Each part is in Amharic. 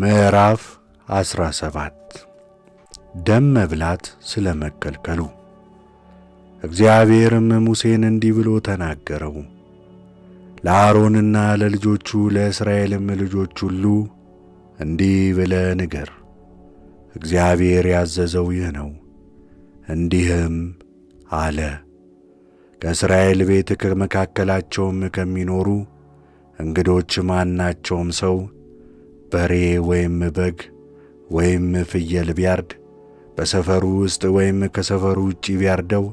ምዕራፍ 17 ደም መብላት ስለ መከልከሉ። እግዚአብሔርም ሙሴን እንዲህ ብሎ ተናገረው። ለአሮንና ለልጆቹ ለእስራኤልም ልጆች ሁሉ እንዲህ ብለህ ንገር፣ እግዚአብሔር ያዘዘው ይህ ነው። እንዲህም አለ፣ ከእስራኤል ቤት ከመካከላቸውም ከሚኖሩ እንግዶች ማናቸውም ሰው በሬ ወይም በግ ወይም ፍየል ቢያርድ በሰፈሩ ውስጥ ወይም ከሰፈሩ ውጭ ቢያርደው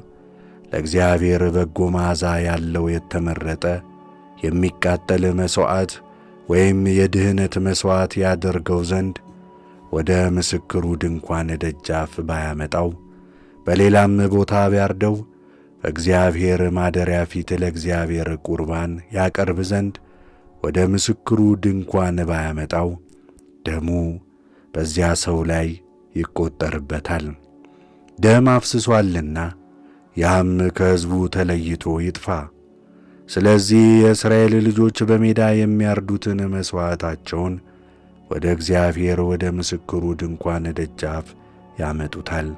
ለእግዚአብሔር በጎ መዓዛ ያለው የተመረጠ የሚቃጠል መሥዋዕት ወይም የድህነት መሥዋዕት ያደርገው ዘንድ ወደ ምስክሩ ድንኳን ደጃፍ ባያመጣው በሌላም ቦታ ቢያርደው በእግዚአብሔር ማደሪያ ፊት ለእግዚአብሔር ቁርባን ያቀርብ ዘንድ ወደ ምስክሩ ድንኳን ባያመጣው ደሙ በዚያ ሰው ላይ ይቆጠርበታል። ደም አፍስሷልና ያም ከሕዝቡ ተለይቶ ይጥፋ። ስለዚህ የእስራኤል ልጆች በሜዳ የሚያርዱትን መሥዋዕታቸውን ወደ እግዚአብሔር ወደ ምስክሩ ድንኳን ደጃፍ ያመጡታል።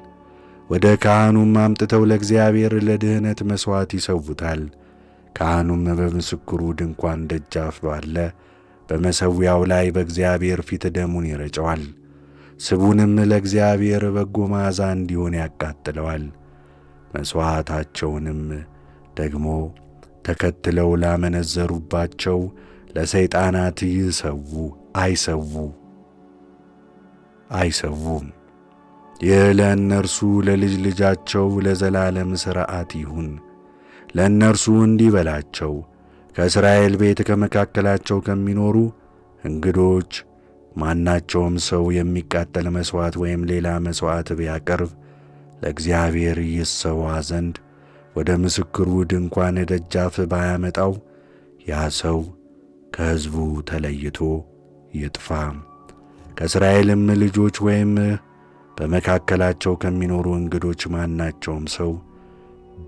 ወደ ካህኑም አምጥተው ለእግዚአብሔር ለድኅነት መሥዋዕት ይሰውታል። ካህኑም በምስክሩ ድንኳን ደጃፍ ባለ በመሠዊያው ላይ በእግዚአብሔር ፊት ደሙን ይረጨዋል። ስቡንም ለእግዚአብሔር በጎ መዓዛ እንዲሆን ያቃጥለዋል። መሥዋዕታቸውንም ደግሞ ተከትለው ላመነዘሩባቸው ለሰይጣናት ይሰዉ አይሰዉ አይሰዉም። ይህ ለእነርሱ ለልጅ ልጃቸው ለዘላለም ሥርዓት ይሁን። ለእነርሱ እንዲህ በላቸው፣ ከእስራኤል ቤት ከመካከላቸው ከሚኖሩ እንግዶች ማናቸውም ሰው የሚቃጠል መሥዋዕት ወይም ሌላ መሥዋዕት ቢያቀርብ ለእግዚአብሔር ይሰዋ ዘንድ ወደ ምስክሩ ድንኳን ደጃፍ ባያመጣው ያ ሰው ከሕዝቡ ተለይቶ ይጥፋ። ከእስራኤልም ልጆች ወይም በመካከላቸው ከሚኖሩ እንግዶች ማናቸውም ሰው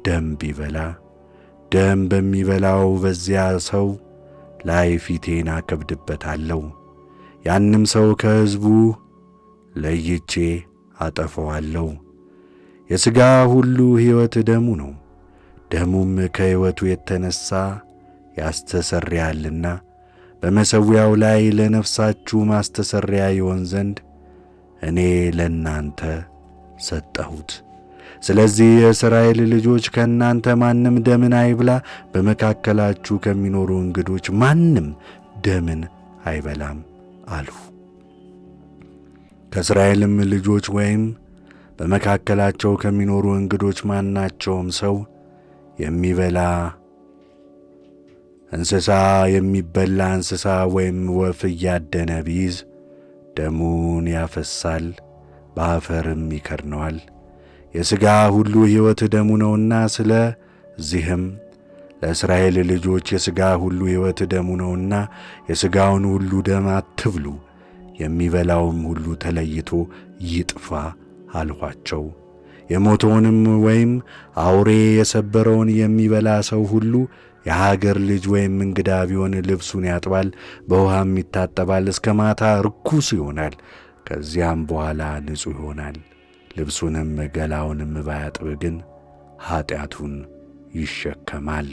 ደም ቢበላ ደም በሚበላው በዚያ ሰው ላይ ፊቴን አከብድበታለሁ፣ ያንም ሰው ከሕዝቡ ለይቼ አጠፈዋለሁ። የሥጋ ሁሉ ሕይወት ደሙ ነው፣ ደሙም ከሕይወቱ የተነሣ ያስተሰርያልና በመሠዊያው ላይ ለነፍሳችሁ ማስተሰሪያ ይሆን ዘንድ እኔ ለእናንተ ሰጠሁት። ስለዚህ የእስራኤል ልጆች ከእናንተ ማንም ደምን አይብላ፣ በመካከላችሁ ከሚኖሩ እንግዶች ማንም ደምን አይበላም አሉ። ከእስራኤልም ልጆች ወይም በመካከላቸው ከሚኖሩ እንግዶች ማናቸውም ሰው የሚበላ እንስሳ የሚበላ እንስሳ ወይም ወፍ እያደነ ቢይዝ ደሙን ያፈሳል፣ በአፈርም ይከድነዋል። የሥጋ ሁሉ ሕይወት ደሙ ነውና፣ ስለዚህም ለእስራኤል ልጆች የሥጋ ሁሉ ሕይወት ደሙ ነውና የሥጋውን ሁሉ ደም አትብሉ፣ የሚበላውም ሁሉ ተለይቶ ይጥፋ አልኋቸው። የሞተውንም ወይም አውሬ የሰበረውን የሚበላ ሰው ሁሉ የሀገር ልጅ ወይም እንግዳ ቢሆን ልብሱን ያጥባል፣ በውሃም ይታጠባል፣ እስከ ማታ ርኩስ ይሆናል። ከዚያም በኋላ ንጹሕ ይሆናል። ልብሱንም ገላውንም ባያጥብ ግን ኀጢአቱን ይሸከማል።